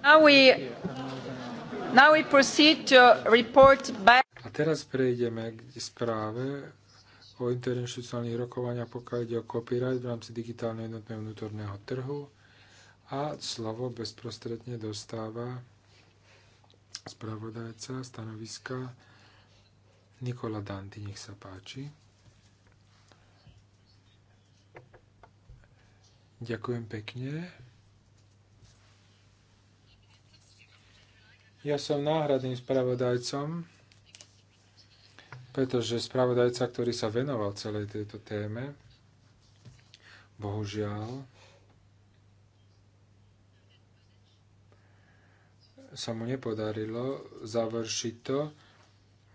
A teraz prejdeme k správe o interinstitucionálnych rokovaniach, pokiaľ ide o copyright v rámci digitálneho jednotného vnútorného trhu. A slovo bezprostredne dostáva spravodajca stanoviska Nikola Danti, nech sa páči. Ďakujem pekne. Ja som náhradným spravodajcom, pretože spravodajca, ktorý sa venoval celej tejto téme, bohužiaľ, sa mu nepodarilo završiť to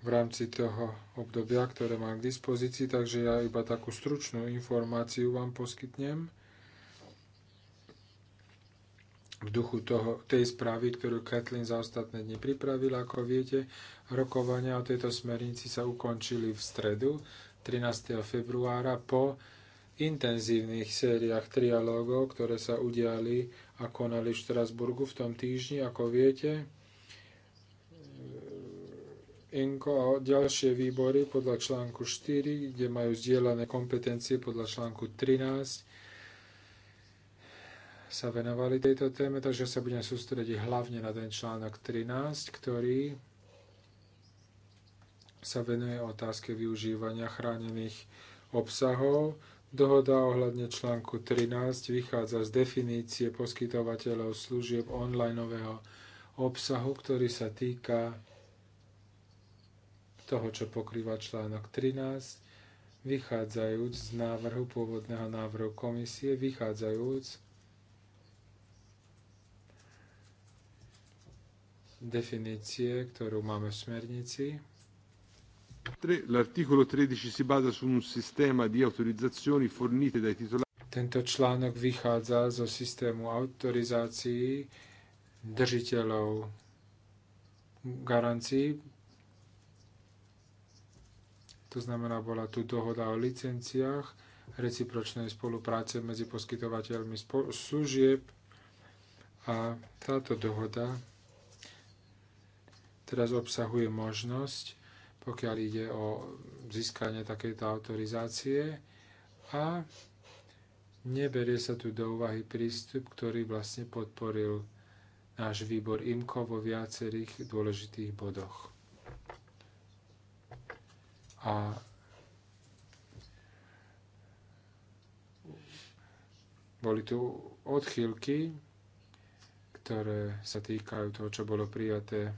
v rámci toho obdobia, ktoré mám k dispozícii, takže ja iba takú stručnú informáciu vám poskytnem v duchu toho, tej správy, ktorú Kathleen za ostatné dni pripravila. Ako viete, rokovania o tejto smernici sa ukončili v stredu 13. februára po intenzívnych sériách trialógov, ktoré sa udiali a konali v Štrasburgu v tom týždni, ako viete. Inko a ďalšie výbory podľa článku 4, kde majú zdieľané kompetencie podľa článku 13, sa venovali tejto téme, takže sa budem sústrediť hlavne na ten článok 13, ktorý sa venuje otázke využívania chránených obsahov. Dohoda ohľadne článku 13 vychádza z definície poskytovateľov služieb online obsahu, ktorý sa týka toho, čo pokrýva článok 13, vychádzajúc z návrhu pôvodného návrhu komisie, vychádzajúc definizione che abbiamo in smernici. L'articolo 13 si basa su un sistema di autorizzazioni fornite dai titolari. Tento článok vychádza zo systému autorizácií držiteľov garancií. To znamená, bola tu dohoda o licenciách, recipročnej spolupráce medzi poskytovateľmi služieb a táto dohoda teraz obsahuje možnosť, pokiaľ ide o získanie takejto autorizácie a neberie sa tu do úvahy prístup, ktorý vlastne podporil náš výbor IMKO vo viacerých dôležitých bodoch. A boli tu odchýlky, ktoré sa týkajú toho, čo bolo prijaté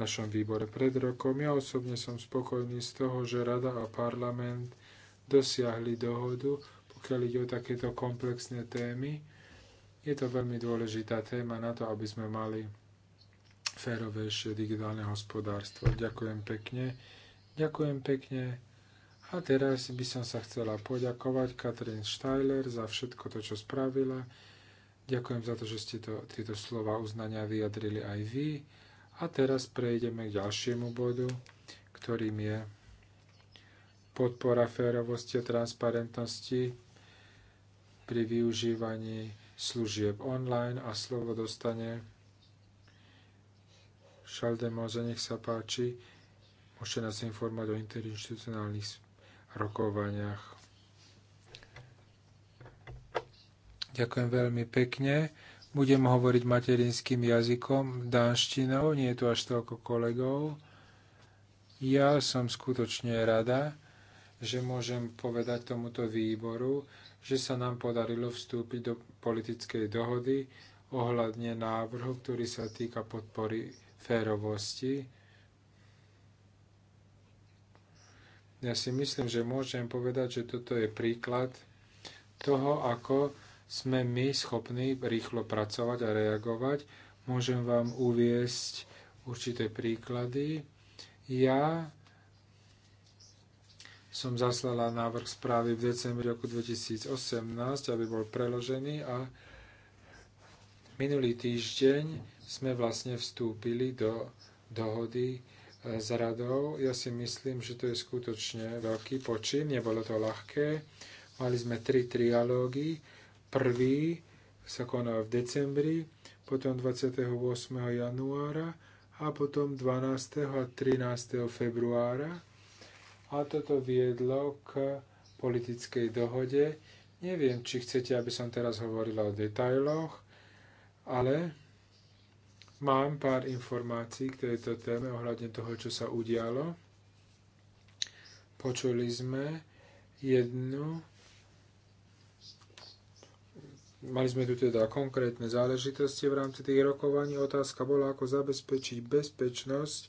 našom výbore pred rokom. Ja osobne som spokojný z toho, že Rada a parlament dosiahli dohodu, pokiaľ ide o takéto komplexné témy. Je to veľmi dôležitá téma na to, aby sme mali férovejšie digitálne hospodárstvo. Ďakujem pekne. Ďakujem pekne. A teraz by som sa chcela poďakovať Katrin Steiler za všetko to, čo spravila. Ďakujem za to, že ste to, tieto slova uznania vyjadrili aj vy. A teraz prejdeme k ďalšiemu bodu, ktorým je podpora férovosti a transparentnosti pri využívaní služieb online a slovo dostane Šaldemoza, nech sa páči. Môžete nás informovať o interinstitucionálnych rokovaniach. Ďakujem veľmi pekne. Budem hovoriť materinským jazykom, dánštinou, nie je tu až toľko kolegov. Ja som skutočne rada, že môžem povedať tomuto výboru, že sa nám podarilo vstúpiť do politickej dohody ohľadne návrhu, ktorý sa týka podpory férovosti. Ja si myslím, že môžem povedať, že toto je príklad toho, ako sme my schopní rýchlo pracovať a reagovať. Môžem vám uviesť určité príklady. Ja som zaslala návrh správy v decembri roku 2018, aby bol preložený a minulý týždeň sme vlastne vstúpili do dohody eh, s radou. Ja si myslím, že to je skutočne veľký počin, nebolo to ľahké. Mali sme tri trialógy, Prvý sa koná v decembri, potom 28. januára a potom 12. a 13. februára. A toto viedlo k politickej dohode. Neviem, či chcete, aby som teraz hovorila o detailoch, ale mám pár informácií k tejto téme ohľadne toho, čo sa udialo. Počuli sme jednu Mali sme tu teda konkrétne záležitosti v rámci tých rokovaní. Otázka bola, ako zabezpečiť bezpečnosť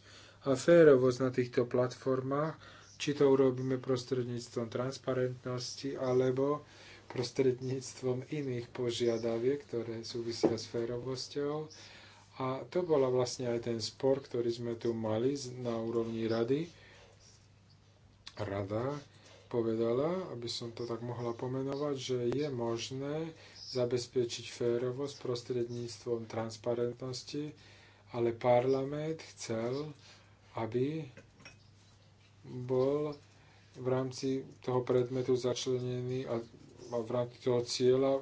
a férovosť na týchto platformách, či to urobíme prostredníctvom transparentnosti alebo prostredníctvom iných požiadaviek, ktoré súvisia s férovosťou. A to bola vlastne aj ten spor, ktorý sme tu mali na úrovni rady. Rada povedala, aby som to tak mohla pomenovať, že je možné zabezpečiť férovosť prostredníctvom transparentnosti, ale parlament chcel, aby bol v rámci toho predmetu začlenený a v rámci toho cieľa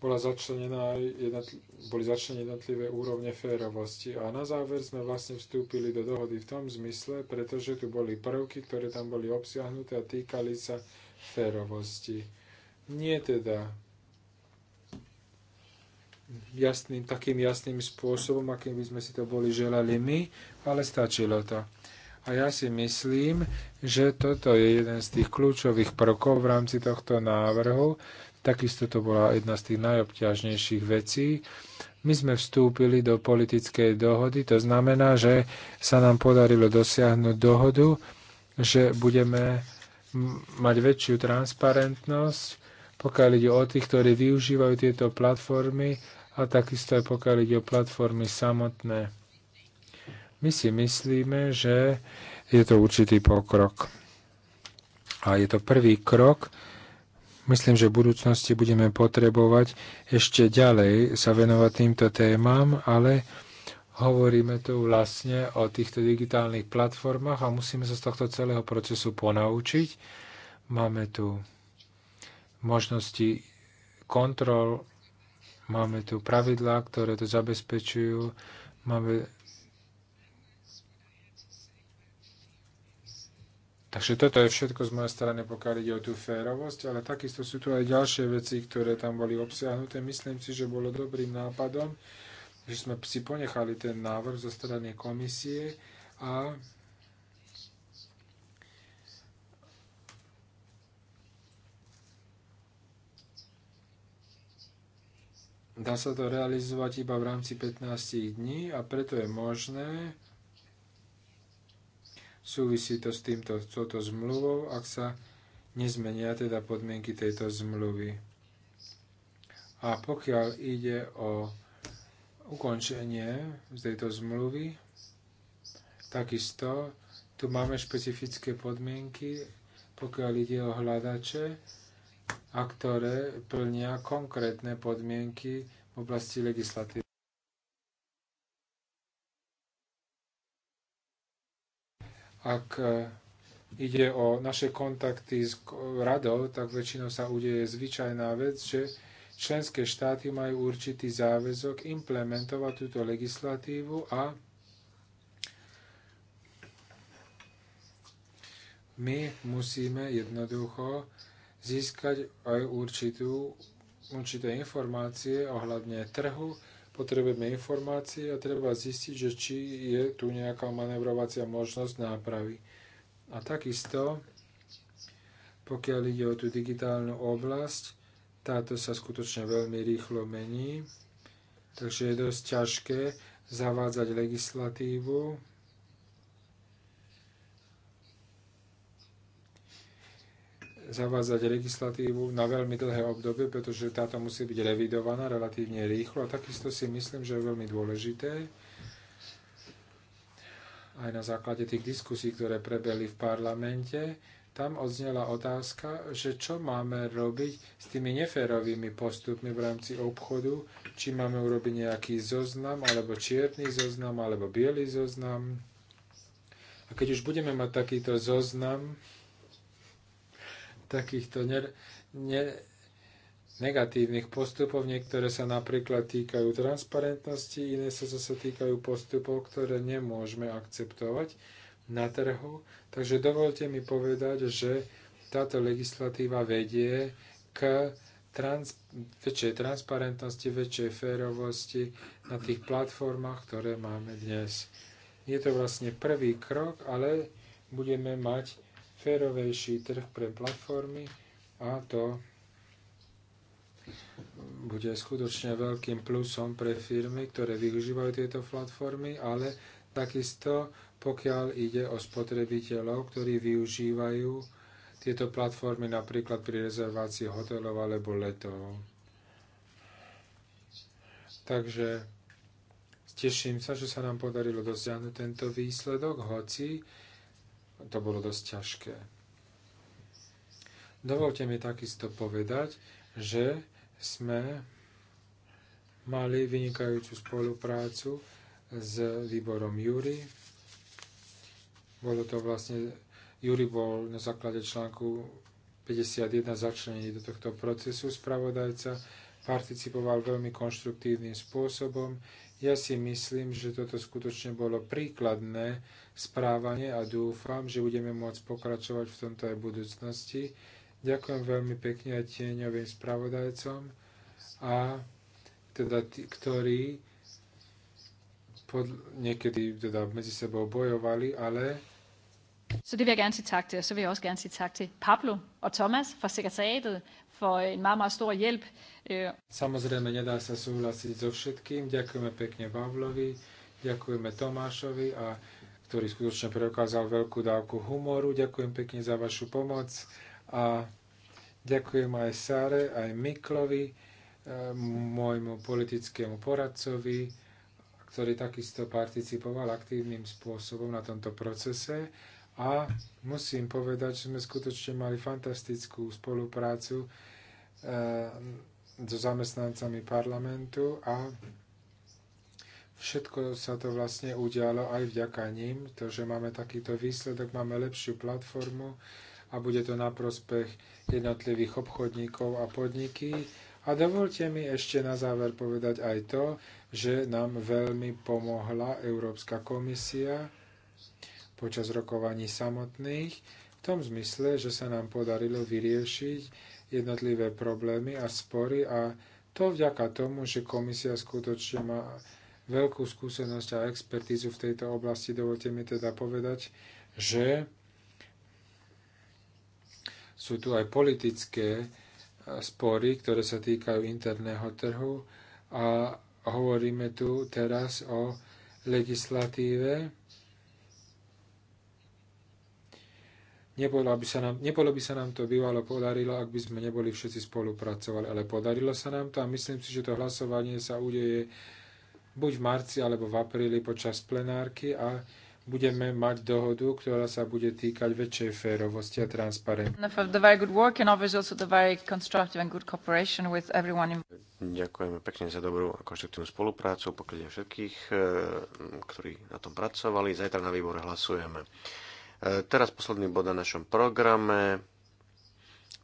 bola začlenená jednotl- boli začlenené jednotlivé úrovne férovosti. A na záver sme vlastne vstúpili do dohody v tom zmysle, pretože tu boli prvky, ktoré tam boli obsiahnuté a týkali sa férovosti. Nie teda jasným, takým jasným spôsobom, akým by sme si to boli želali my, ale stačilo to. A ja si myslím, že toto je jeden z tých kľúčových prvkov v rámci tohto návrhu. Takisto to bola jedna z tých najobťažnejších vecí. My sme vstúpili do politickej dohody, to znamená, že sa nám podarilo dosiahnuť dohodu, že budeme mať väčšiu transparentnosť pokiaľ ide o tých, ktorí využívajú tieto platformy a takisto aj pokiaľ ide o platformy samotné. My si myslíme, že je to určitý pokrok. A je to prvý krok. Myslím, že v budúcnosti budeme potrebovať ešte ďalej sa venovať týmto témam, ale hovoríme tu vlastne o týchto digitálnych platformách a musíme sa z tohto celého procesu ponaučiť. Máme tu možnosti kontrol, máme tu pravidlá, ktoré to zabezpečujú, máme Takže toto je všetko z mojej strany, pokiaľ ide o tú férovosť, ale takisto sú tu aj ďalšie veci, ktoré tam boli obsiahnuté. Myslím si, že bolo dobrým nápadom, že sme si ponechali ten návrh zo strany komisie a Dá sa to realizovať iba v rámci 15 dní a preto je možné, súvisí to s týmto, touto zmluvou, ak sa nezmenia teda podmienky tejto zmluvy. A pokiaľ ide o ukončenie z tejto zmluvy, takisto tu máme špecifické podmienky, pokiaľ ide o hľadače, a ktoré plnia konkrétne podmienky v oblasti legislatívy. Ak e, ide o naše kontakty s radou, tak väčšinou sa udeje zvyčajná vec, že členské štáty majú určitý záväzok implementovať túto legislatívu a my musíme jednoducho získať aj určitú, určité informácie ohľadne trhu, potrebujeme informácie a treba zistiť, že či je tu nejaká manevrovacia možnosť nápravy. A takisto, pokiaľ ide o tú digitálnu oblasť, táto sa skutočne veľmi rýchlo mení, takže je dosť ťažké zavádzať legislatívu, zavázať legislatívu na veľmi dlhé obdobie, pretože táto musí byť revidovaná relatívne rýchlo a takisto si myslím, že je veľmi dôležité aj na základe tých diskusí, ktoré prebehli v parlamente, tam odznela otázka, že čo máme robiť s tými neférovými postupmi v rámci obchodu, či máme urobiť nejaký zoznam, alebo čierny zoznam, alebo biely zoznam. A keď už budeme mať takýto zoznam, takýchto ne, ne, negatívnych postupov. Niektoré sa napríklad týkajú transparentnosti, iné sa zase týkajú postupov, ktoré nemôžeme akceptovať na trhu. Takže dovolte mi povedať, že táto legislatíva vedie k trans, väčšej transparentnosti, väčšej férovosti na tých platformách, ktoré máme dnes. Je to vlastne prvý krok, ale budeme mať férovejší trh pre platformy a to bude skutočne veľkým plusom pre firmy, ktoré využívajú tieto platformy, ale takisto pokiaľ ide o spotrebiteľov, ktorí využívajú tieto platformy napríklad pri rezervácii hotelov alebo letov. Takže teším sa, že sa nám podarilo dosiahnuť tento výsledok, hoci to bolo dosť ťažké. Dovolte mi takisto povedať, že sme mali vynikajúcu spoluprácu s výborom Júri. Bolo to vlastne, Júri bol na základe článku 51 začlenený do tohto procesu spravodajca participoval veľmi konštruktívnym spôsobom. Ja si myslím, že toto skutočne bolo príkladné správanie a dúfam, že budeme môcť pokračovať v tomto aj v budúcnosti. Ďakujem veľmi pekne aj tieňovým spravodajcom, a teda tí, ktorí pod, niekedy teda medzi sebou bojovali, ale Så det vil jeg gerne sige tak til, og så vil jeg også gerne sige tak til Pablo og Thomas fra sekretariatet for en meget, meget stor hjælp. Øh, Samozrejme, nedá sa súhlasiť so všetkým. Ďakujeme pekne Pavlovi, ďakujeme Tomášovi, a, ktorý skutočne preukázal veľkú dávku humoru. Ďakujem pekne za vašu pomoc a ďakujem aj Sáre, aj Miklovi, e, môjmu politickému poradcovi, ktorý takisto participoval aktívnym spôsobom na tomto procese. A musím povedať, že sme skutočne mali fantastickú spoluprácu e, so zamestnancami parlamentu a všetko sa to vlastne udialo aj vďaka ním. To, že máme takýto výsledok, máme lepšiu platformu a bude to na prospech jednotlivých obchodníkov a podniky. A dovolte mi ešte na záver povedať aj to, že nám veľmi pomohla Európska komisia, počas rokovaní samotných, v tom zmysle, že sa nám podarilo vyriešiť jednotlivé problémy a spory a to vďaka tomu, že komisia skutočne má veľkú skúsenosť a expertízu v tejto oblasti. Dovolte mi teda povedať, že sú tu aj politické spory, ktoré sa týkajú interného trhu a hovoríme tu teraz o legislatíve, Nebolo, by, sa nám, nebolo by sa nám to bývalo podarilo, ak by sme neboli všetci spolupracovali, ale podarilo sa nám to a myslím si, že to hlasovanie sa udeje buď v marci alebo v apríli počas plenárky a budeme mať dohodu, ktorá sa bude týkať väčšej férovosti a transparentnosti. Ďakujeme pekne za dobrú a konštruktívnu spoluprácu, pokiaľ všetkých, eh, ktorí na tom pracovali. Zajtra na výbore hlasujeme. E, teraz posledný bod na našom programe.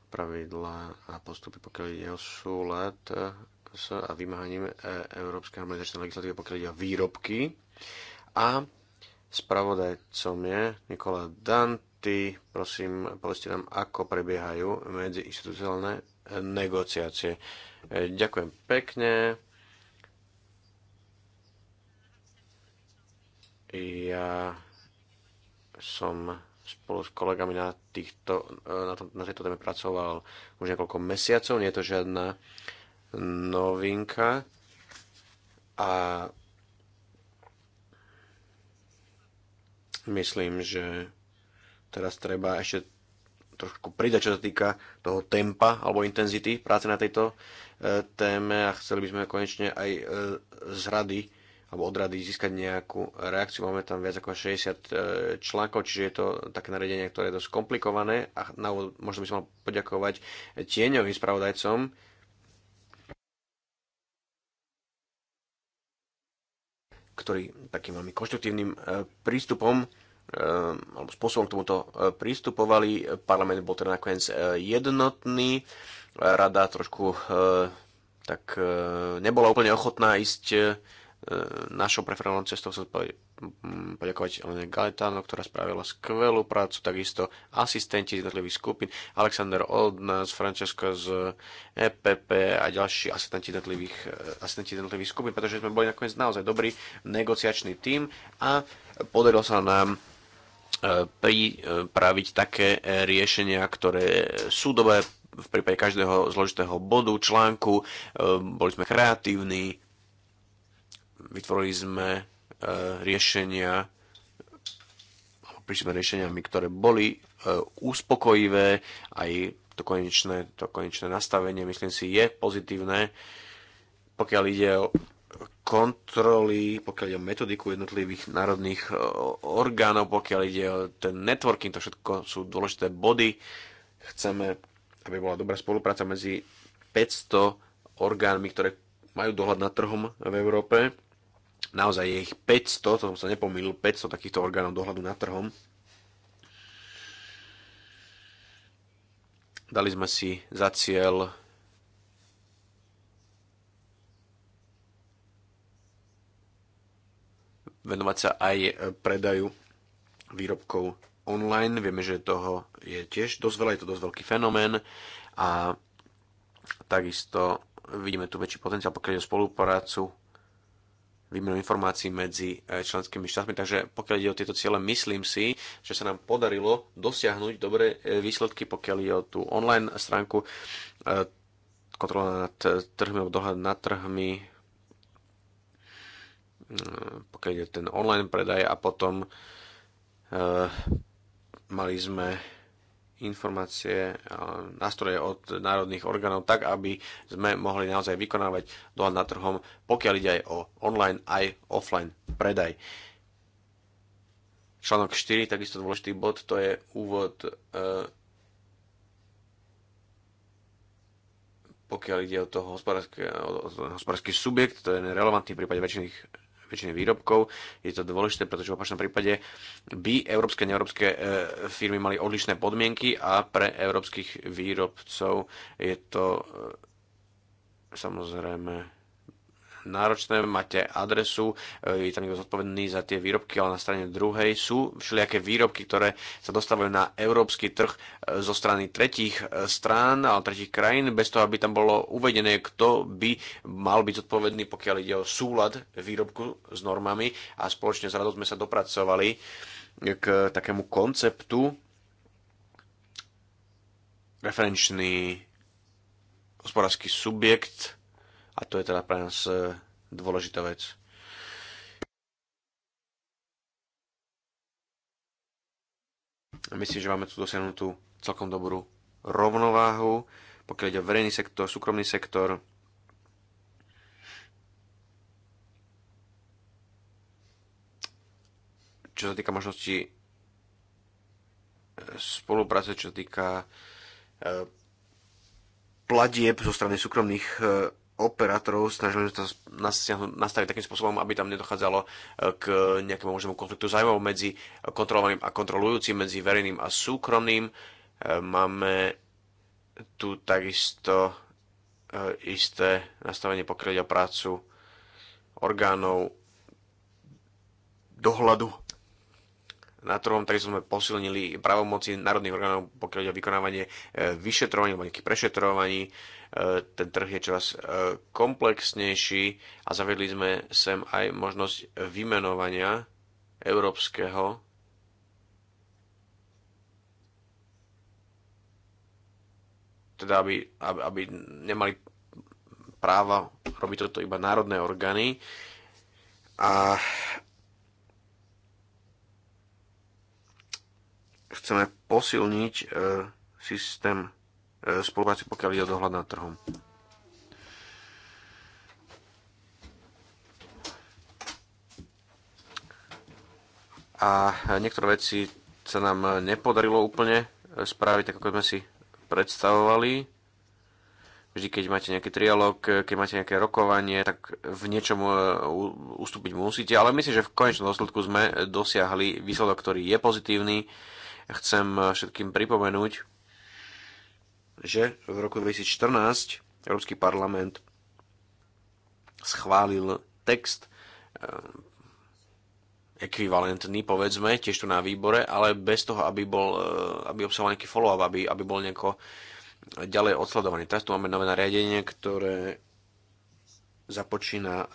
Pravidla a postupy, pokiaľ ide o súlad e, s a vymáhaním e, Európskej harmonizačnej legislatívy, pokiaľ ide o výrobky. A spravodajcom je Nikola Danti. Prosím, povedzte nám, ako prebiehajú medziinstitucionálne negociácie. Ďakujem pekne. Ja som spolu s kolegami na, týchto, e, na, tom, na tejto téme pracoval už niekoľko mesiacov, nie je to žiadna novinka. A myslím, že teraz treba ešte trošku pridať, čo sa týka toho tempa alebo intenzity práce na tejto e, téme a chceli by sme konečne aj e, z rady alebo od rady získať nejakú reakciu. Máme tam viac ako 60 e, článkov, čiže je to také nariadenie, ktoré je dosť komplikované a na úvod možno by som mal poďakovať tieňovým spravodajcom, ktorý takým veľmi konštruktívnym e, prístupom e, alebo spôsobom k tomuto prístupovali. Parlament bol teda nakoniec jednotný, rada trošku tak nebola úplne ochotná ísť E, našou preferovanou cestou chcem poďakovať Elene Galetano, ktorá spravila skvelú prácu, takisto asistenti z jednotlivých skupín, Alexander nás, Francesco z EPP a ďalší asistenti jednotlivých, e, asistenti jednotlivých skupín, pretože sme boli nakoniec naozaj dobrý negociačný tím a podarilo sa nám e, pripraviť také riešenia, ktoré sú dobré v prípade každého zložitého bodu, článku, boli sme kreatívni, Vytvorili sme e, riešenia prišli sme riešeniami, ktoré boli e, uspokojivé, aj to konečné, to konečné nastavenie, myslím si, je pozitívne, pokiaľ ide o kontroly, pokiaľ ide o metodiku jednotlivých národných e, orgánov, pokiaľ ide o ten networking, to všetko sú dôležité body. Chceme, aby bola dobrá spolupráca medzi 500 orgánmi, ktoré majú dohľad nad trhom v Európe Naozaj je ich 500, to som sa nepomýlil, 500 takýchto orgánov dohľadu nad trhom. Dali sme si za cieľ venovať sa aj predaju výrobkov online. Vieme, že toho je tiež dosť veľa, je to dosť veľký fenomén a takisto vidíme tu väčší potenciál, pokiaľ je o spoluprácu výmenu informácií medzi e, členskými štátmi. Takže pokiaľ ide o tieto ciele, myslím si, že sa nám podarilo dosiahnuť dobré e, výsledky, pokiaľ ide o tú online stránku e, kontrola nad trhmi, alebo dohľad nad trhmi, pokiaľ ide ten online predaj a potom mali sme informácie, e, nástroje od národných orgánov, tak aby sme mohli naozaj vykonávať dohľad nad trhom, pokiaľ ide aj o online, aj offline predaj. Článok 4, takisto dôležitý bod, to je úvod, e, pokiaľ ide o toho hospodársky, o hospodársky subjekt, to je relevantný v prípade väčšiných zabezpečenie výrobkov. Je to dôležité, pretože v opačnom prípade by európske a neeurópske e, firmy mali odlišné podmienky a pre európskych výrobcov je to e, samozrejme náročné, máte adresu, e, je tam niekto zodpovedný za tie výrobky, ale na strane druhej sú všelijaké výrobky, ktoré sa dostávajú na európsky trh e, zo strany tretích e, strán alebo tretích krajín, bez toho, aby tam bolo uvedené, kto by mal byť zodpovedný, pokiaľ ide o súlad výrobku s normami a spoločne s radou sme sa dopracovali k takému konceptu referenčný hospodársky subjekt, a to je teda pre nás e, dôležitá vec. Myslím, že máme tu dosiahnutú celkom dobrú rovnováhu, pokiaľ ide o verejný sektor, súkromný sektor, čo sa týka možnosti e, spolupráce, čo sa týka e, platieb zo strany súkromných operátorov snažili sa nastaviť takým spôsobom, aby tam nedochádzalo e, k nejakému možnému konfliktu zájmov medzi kontrolovaným a kontrolujúcim, medzi verejným a súkromným. E, máme tu takisto e, isté nastavenie pokryť o prácu orgánov dohľadu na trhom, takže sme posilnili pravomoci národných orgánov, pokiaľ ide o vykonávanie e, vyšetrovaní alebo nejakých prešetrovaní. E, ten trh je čoraz e, komplexnejší a zavedli sme sem aj možnosť vymenovania európskeho teda aby, aby, aby nemali práva robiť toto iba národné orgány. A chceme posilniť e, systém e, spolupráce, pokiaľ ide o dohľad nad trhom. A niektoré veci sa nám nepodarilo úplne spraviť tak, ako sme si predstavovali. Vždy, keď máte nejaký trialog, keď máte nejaké rokovanie, tak v niečom e, ustúpiť musíte. Ale myslím, že v konečnom dôsledku sme dosiahli výsledok, ktorý je pozitívny chcem eh, všetkým pripomenúť, že v roku 2014 Európsky parlament schválil text eh, ekvivalentný, povedzme, tiež tu na výbore, ale bez toho, aby, bol, eh, aby obsahoval nejaký follow-up, aby, aby bol nejako ďalej odsledovaný. Teraz tu máme nové nariadenie, ktoré započína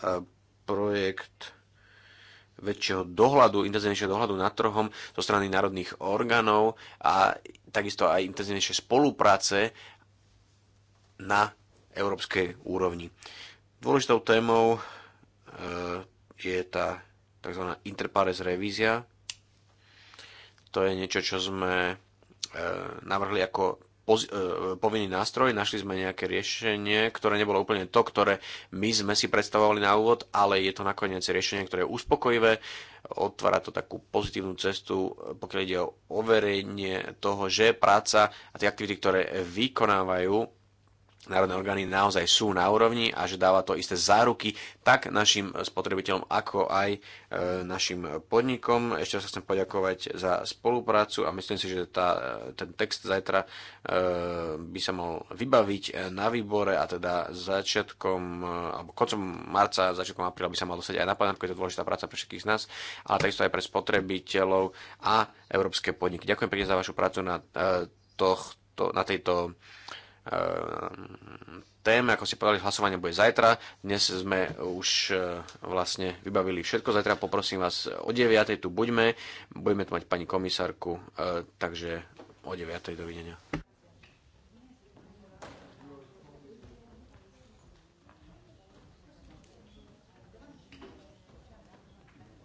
projekt väčšieho dohľadu, intenzívnejšieho dohľadu nad trhom zo strany národných orgánov a takisto aj intenzívnejšie spolupráce na európskej úrovni. Dôležitou témou e, je tá tzv. interpares revízia. To je niečo, čo sme e, navrhli ako E, povinný nástroj, našli sme nejaké riešenie, ktoré nebolo úplne to, ktoré my sme si predstavovali na úvod, ale je to nakoniec riešenie, ktoré je uspokojivé, otvára to takú pozitívnu cestu, pokiaľ ide o overenie toho, že práca a tie aktivity, ktoré vykonávajú národné orgány naozaj sú na úrovni a že dáva to isté záruky tak našim spotrebiteľom, ako aj e, našim podnikom. Ešte sa chcem poďakovať za spoluprácu a myslím si, že tá, e, ten text zajtra e, by sa mal vybaviť na výbore a teda začiatkom alebo koncom marca, začiatkom apríla by sa mal dostať aj na plenárku, je to dôležitá práca pre všetkých z nás, ale takisto aj pre spotrebiteľov a európske podniky. Ďakujem pekne za vašu prácu na, tohto, na tejto Ehm, tém. Ako si povedali, hlasovanie bude zajtra. Dnes sme už e, vlastne vybavili všetko. Zajtra poprosím vás o 9. tu buďme. Budeme tu mať pani komisárku, e, takže o 9. dovidenia.